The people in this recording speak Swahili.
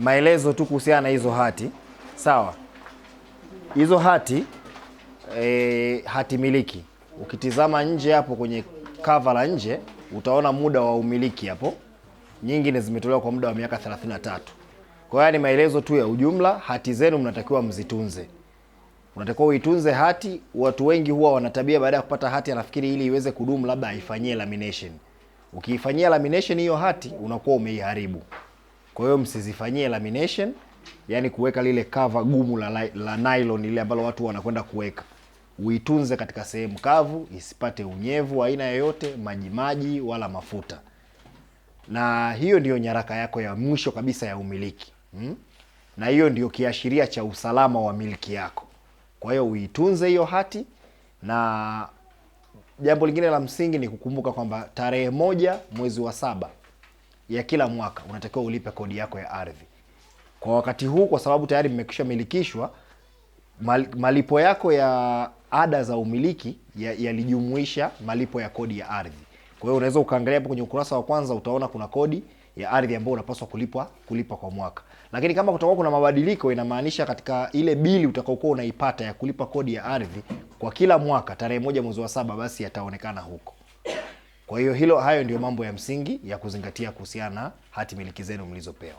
maelezo tu kuhusiana na hizo hati sawa. Hizo hati e, hati miliki, ukitizama nje hapo kwenye kava la nje utaona muda wa umiliki hapo, ni zimetolewa kwa muda wa miaka 33. Kwa hiyo ni maelezo tu ya ujumla. Hati zenu mnatakiwa mzitunze, unatakiwa uitunze hati. Watu wengi huwa wanatabia, baada ya kupata hati anafikiri ili iweze kudumu labda aifanyie lamination. Ukiifanyia lamination hiyo hati unakuwa umeiharibu. Kwa hiyo msizifanyie lamination, yani kuweka lile kava gumu la, la nylon ile ambalo watu wanakwenda kuweka. Uitunze katika sehemu kavu isipate unyevu aina yoyote, majimaji wala mafuta. Na hiyo ndiyo nyaraka yako ya mwisho kabisa ya umiliki hmm? Na hiyo ndiyo kiashiria cha usalama wa miliki yako. Kwa hiyo uitunze hiyo hati, na jambo lingine la msingi ni kukumbuka kwamba tarehe moja mwezi wa saba ya kila mwaka unatakiwa ulipe kodi yako ya ardhi kwa wakati huu, kwa sababu tayari mmekisha milikishwa. Malipo yako ya ada za umiliki yalijumuisha ya malipo ya kodi ya ardhi. Kwa hiyo unaweza ukaangalia hapo kwenye ukurasa wa kwanza, utaona kuna kodi ya ardhi ambayo unapaswa kulipwa kulipa kwa mwaka. Lakini kama kutakuwa kuna mabadiliko, inamaanisha katika ile bili utakaokuwa unaipata ya kulipa kodi ya ardhi kwa kila mwaka tarehe moja mwezi wa saba, basi yataonekana huko. Kwa hiyo hilo, hayo ndio mambo ya msingi ya kuzingatia kuhusiana na hati miliki zenu mlizopewa.